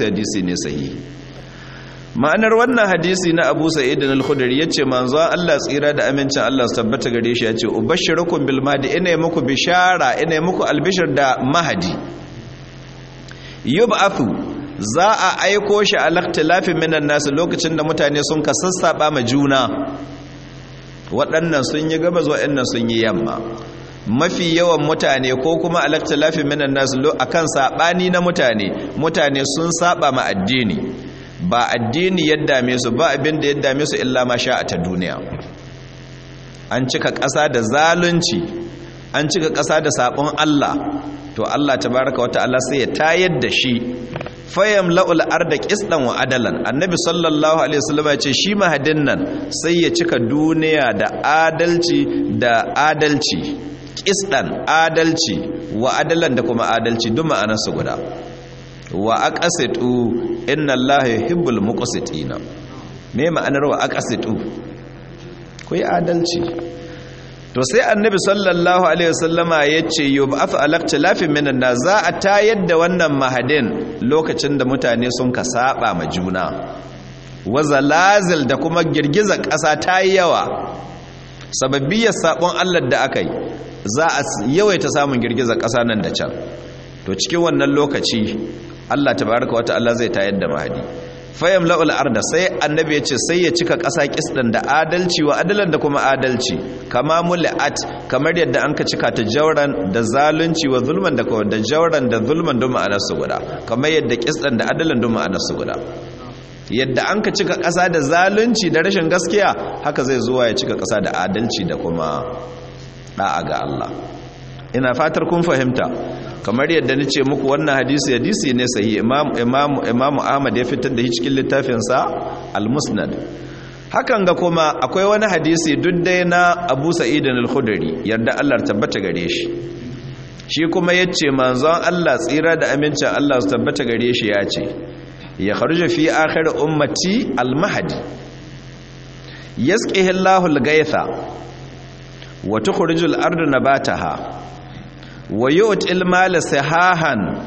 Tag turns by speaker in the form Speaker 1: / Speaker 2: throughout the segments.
Speaker 1: hadisi hadisi ne sahihi ma'anar wannan hadisi na abu sa'id al-khudri ya ce manzo allah tsira da amincin allah su tabbata gare shi ya ce ubashirakum bil mahdi ina yi muku bishara ina yi muku albishir da mahadi Afu za a aiko shi a laktilafin minan nasu lokacin da mutane sun ka sassaɓa ma juna waɗannan sun yi gabas waɗannan sun yi yamma mafi yawan mutane ko kuma alaktalafin minan nasu akan saɓani na mutane mutane sun saɓa ma addini ba addini ya dame su ba abin da ya dame su illa ma sha ta duniya an cika ƙasa da zalunci an cika ƙasa da saɓon Allah to Allah ta baraka wa ta'ala sai ya tayar da shi fayam la'ul arda kisdan wa adalan annabi sallallahu alaihi wasallam ya ce shi mahadin nan sai ya cika duniya da adalci da adalci kisdan adalci wa adalan da kuma adalci duk su guda wa aqasitu inna allaha yuhibbul muqsitina me ma'anar wa aqasitu ku yi adalci to sai annabi sallallahu alaihi wasallama yace yub'af alaqtilafin minan na za a tayar da wannan mahadin lokacin da mutane sun ka saba ma juna wa zalazil da kuma girgizar ƙasa ta yi yawa sababiyar sabon Allah da aka yi za a yawaita samun girgizar ƙasa nan da can to cikin wannan lokaci Allah tabaraka wata Allah zai tayar da mahadi fayam la'ul arda sai annabi yace sai ya cika ƙasa kisdan da adalci wa adalan da kuma adalci kama mulat kamar yadda an ka cika ta jawran da zalunci wa zulman da kuma da jawran da zulman don ma'anar su guda kamar yadda kisdan da adalan don ma'anar su guda yadda an ka cika ƙasa da zalunci da rashin gaskiya haka zai zuwa ya cika ƙasa da adalci da kuma da'a ga Allah ina fatar kun fahimta kamar yadda ce muku wannan hadisi hadisi ne sahihi imam imam imam Ahmad ya fitar da shi cikin littafin sa al-Musnad hakan ga kuma akwai wani hadisi duk dai na Abu Sa'id al-Khudri yadda Allah tabbata gare shi shi kuma yace manzon Allah tsira da amincin Allah su tabbata gare shi yace ya kharuje fi akhir ummati al-mahdi yasqihillahu al-ghaytha wa tukhrijul ardu nabataha wa yu'til mala sahahan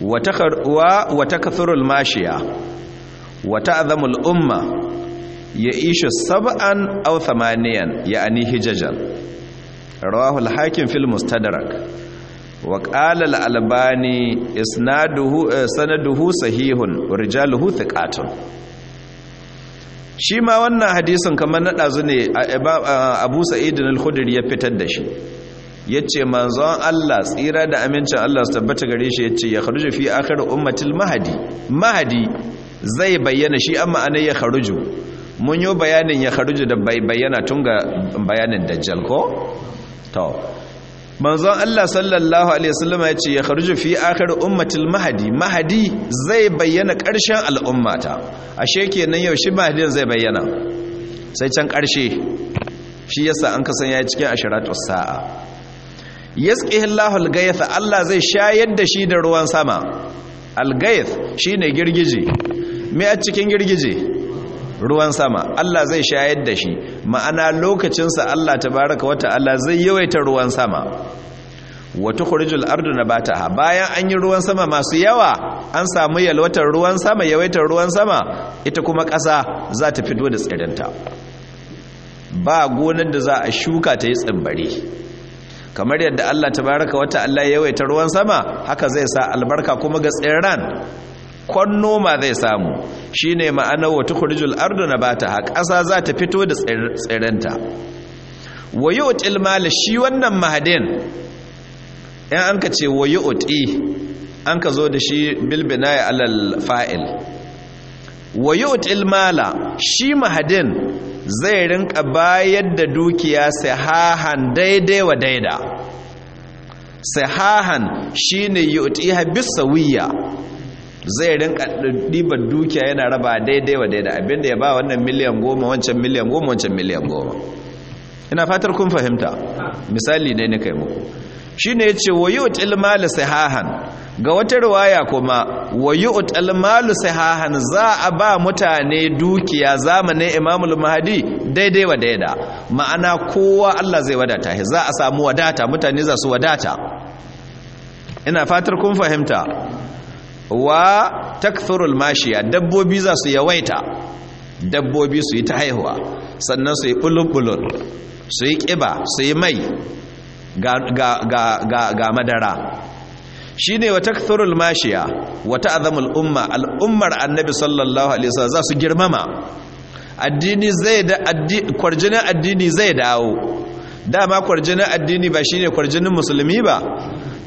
Speaker 1: wa takarwa wa takathurul mashiya wa ta'zamul umma ya'ishu sab'an aw thamaniyan ya'ni hijajan rawahu al-hakim fil mustadrak wa qala al-albani isnaduhu eh, sanaduhu sahihun rijaluhu thiqatun shi ma wannan hadisin kamar na ɗazu ne abu sa'idin al ya fitar da shi ya ce manzon Allah tsira da amincin Allah su tabbata gare shi ya ce ya kharuju fi akhir ummatil mahadi mahadi zai bayyana shi an ma'ana ya kharuju mun yi bayanin ya kharuju da bai bayyana tun ga bayanin dajjal ko manzon Allah sallallahu alaihi wasallam ya ce ya kharuju fi akhir ummatil mahdi mahdi zai bayyana ƙarshen al'ummata ashe kenan yaushe mahdi zai bayyana sai can ƙarshe shi yasa an kasan yayi cikin ashiratu sa'a yasqihi Allahul gayth Allah zai shayar da shi da ruwan sama al gayth shine girgije me a cikin girgije ruwan sama Allah zai shayar da shi ma'ana lokacinsa Allah tabaraka wata Allah zai yawaita ruwan sama wata tukhrijul ardu ha, bayan an yi ruwan sama masu yawa an samu yalwatar ruwan sama yawaitar ruwan sama ita kuma ƙasa za ta fito da tsirinta ba gonar da za a shuka ta yi tsimbari. kamar yadda Allah tabaraka Allah ta'ala yawaita ruwan sama haka zai sa albarka kuma ga tsirran kwan noma zai samu shine ma'anar wa arduna ardu nabataha ƙasa za ta fito da tsiranta wayo yu'til Mala shi wannan mahadin in an ka ce wayo an ka zo da shi bilbina ya alal fa'il wayo yu'til mala shi mahadin zai rinka bayar da dukiya sahahan daidai wa daida sahahan shine yu'tiha bisawiyya zai rinka ɗiban dukiya yana raba daidai wa daidai abinda ya ba wannan miliyan goma wancan miliyan goma wancan miliyan goma ina fatar kun fahimta misali ne na kai muku shi ne ya ce wayo yi malu sahahan ga wata ruwaya kuma wayo yi malu sahahan za a ba mutane dukiya zamanin imamul mahadi daidai wa daidai. ma'ana kowa allah zai wadata za a samu wadata mutane za su wadata ina fatar kun fahimta wa takthurul mashiya dabbobi za su yawaita dabbobi su yi ta haihuwa sannan su yi bulubulun su yi ƙiba su yi mai ga madara shi ne wa takthurul mashiya wata ta'azamul umma al'ummar annabi sallallahu alaihi wasallam za su girmama addini zai da kwarjinin addini zai dawo dama kwarjinin addini ba shine kwarjinin musulmi ba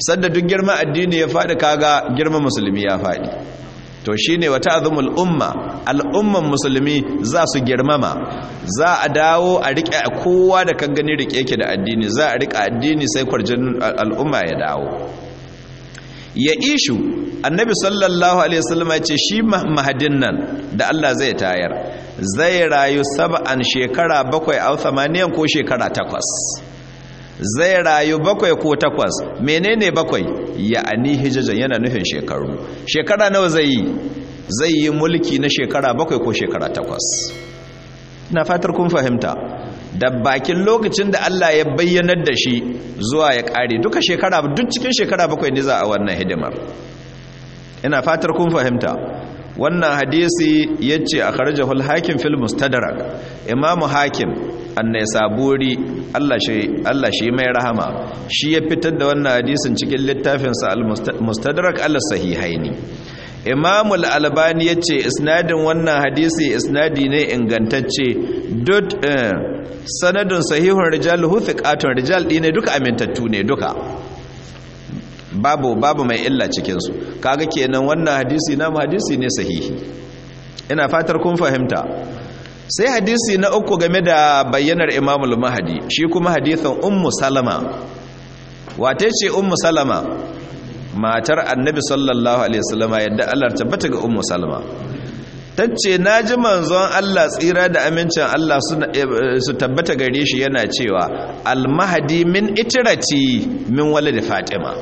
Speaker 1: sadda duk girma addini ya faɗi kaga girma musulmi ya faɗi to shine wa ta'zumul umma al'umman musulmi za su girmama za a dawo a rike kowa da kan gani rike yake da addini za a rika addini sai kwarjin al'umma ya dawo ya ishu annabi sallallahu alaihi wasallam ya ce shi mahadin nan da Allah zai tayar zai rayu sab'an shekara bakwai au 8 ko shekara takwas zai rayu bakwai ko takwas menene bakwai ya'ani hijajan yana nufin shekaru shekara nawa zai yi zai yi mulki na shekara bakwai ko shekara takwas na fatar kun fahimta da bakin lokacin da Allah ya bayyanar da shi zuwa ya kare duka shekara duk cikin shekara bakwai ne za a wannan hidimar ina fatar kun fahimta wannan hadisi ya ce a akhrajahu al-hakim fil mustadrak imamu hakim an-naisaburi Allah shi Allah mai rahama shi ya fitar da wannan hadisin cikin littafin ta al-mustadrak al haini. imamu al-albani ce isnadin wannan hadisi isnadi ne ingantacce duk eh, sanadin sahihun rijal katon rijal dine duka amintattu ne duka babu babu mai illa cikinsu kaga kenan wannan hadisi na hadisi ne sahihi ina fatar kun fahimta sai hadisi na uku game da bayyanar imamul mahadi shi kuma hadisin ummu salama wata ce ummu salama matar annabi sallallahu alaihi wasallama yadda Allah tabbata ga ummu salama tace naji manzon Allah tsira da amincin Allah su tabbata gare shi yana cewa al mahdi min itrati min walidi fatima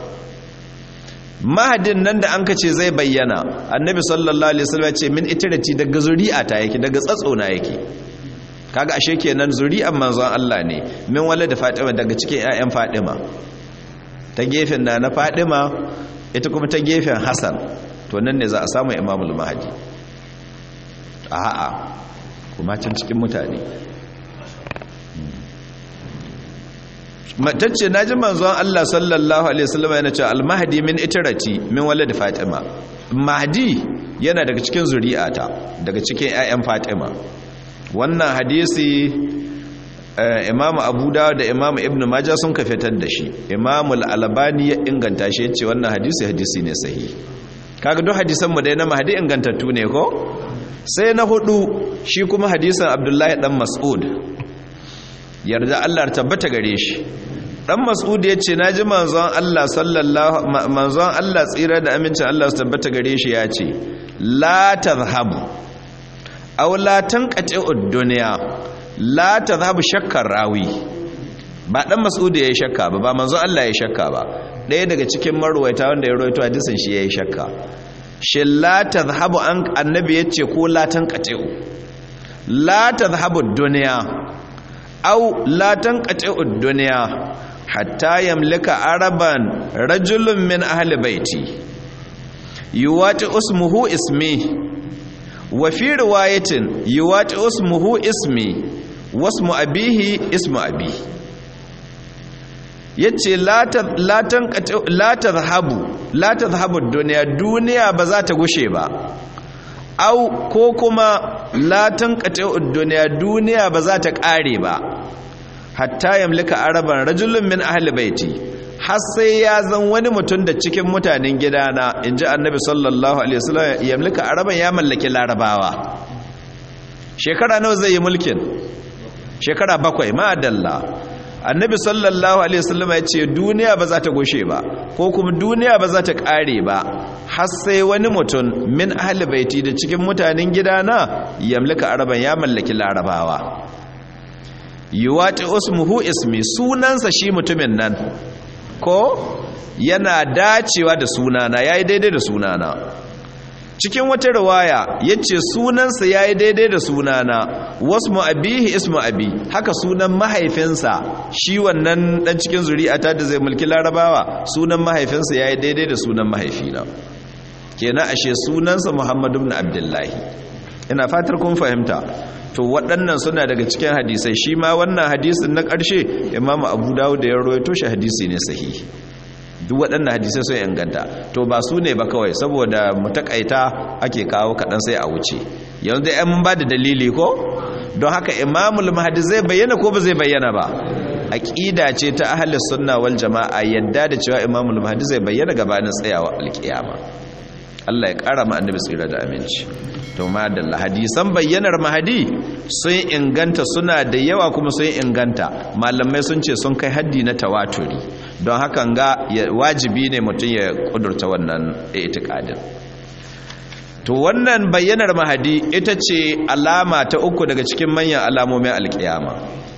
Speaker 1: mahadin nan da an kace zai bayyana annabi sallallahu alaihi wasallam ya ce min itirati daga zuri'a ta yake daga tsatsona yake kaga ashe kenan zuri'an manzon Allah ne min wala da Fatima daga cikin ƴaƴan Fatima ta gefen na na Fatima ita kuma ta gefen Hassan to nan ne za a samu Imamul Mahdi a'a kuma cikin mutane matacce na ji manzon Allah sallallahu alaihi wasallam yana cewa al-mahdi min itrati min walad fatima mahdi yana daga cikin zuri'ata daga cikin 'ya'yan fatima wannan hadisi eh, imam abu dawud da imam ibnu majah sun ka fitar da shi imam al-albani ya inganta shi yace wannan hadisi hadisi ne sahihi kaga duk hadisan mu dai na mahdi ingantattu ne ko sai na hudu shi kuma hadisin abdullahi dan mas'ud yarda Allah tabbata gare shi dan mas'ud ya ce naji manzon Allah sallallahu manzon Allah tsira da amincin Allah su tabbata gare shi ya ce la tazhabu aw la tanqati ad-dunya la tazhabu shakkar rawi ba dan mas'ud ya shakka ba ba manzon Allah ya shakka ba Daya daga cikin marwaita wanda ya rawaito hadisin shi ya shakka shi la tazhabu an annabi yace ko la tanqati la tazhabu ad-dunya au la tanqati'u duniya! hatta yamlika araban rajulun min ahli baiti yuwati usmuhu ismi wa fi riwayatin yuwati usmuhu ismi wasmu abihi ismu abi yace latan la la tadhhabu la tadhhabu duniya, duniya ba za ta gushe ba au ko kuma latin qati'ud duniya duniya ba za ta kare ba hatta yamlika araban rajulun min ahli baiti har sai ya zan wani mutum da cikin mutanen gidana ji annabi sallallahu alaihi wasallam yamlika araban ya mallaki larabawa shekara nawa zai yi mulkin shekara bakwai ma'adalla annabi sallallahu alaihi wasallam ya ce duniya ba za ta goshe ba ko kuma duniya ba za ta kare ba har sai wani mutum min ahli baiti da cikin mutanen gidana yamlaka araban ya mallaki larabawa yuwati usmuhu ismi sunansa shi mutumin nan ko yana dacewa da sunana yayi daidai da sunana cikin wata riwaya ce sunansa ya yi daidai da sunana wasu abihi ismu abi haka sunan mahaifinsa shi wannan dan cikin zuri'ata da zai mulki larabawa sunan mahaifinsa ya yi daidai da sunan mahaifina kenan ashe sunansa Muhammadu na Abdullahi ina fatar kun fahimta to waɗannan suna daga cikin hadisai shi ma wannan hadisin na ƙarshe Imam Abu Dawud da ya rawaito shi hadisi ne sahihi duk waɗannan hadisai sun inganta to ba su ne ba kawai saboda mu ake kawo kaɗan sai a wuce yanzu dai mun ba da dalili ko don haka imamul mahdi zai bayyana ko ba zai bayyana ba aqida ce ta ahlus sunna wal jamaa yadda da cewa imamul mahdi zai bayyana gabanin tsayawa alkiyama Allah ya ƙara ma annabi tsira da aminci to madalla hadisan bayyanar mahadi sun inganta suna da yawa kuma sun inganta malamai sun ce sun kai haddi na tawaturi don hakan ga wajibi ne mutum ya kudurta wannan itikadin to wannan bayyanar mahadi ita ce alama ta uku daga cikin manyan alamomin alkiyama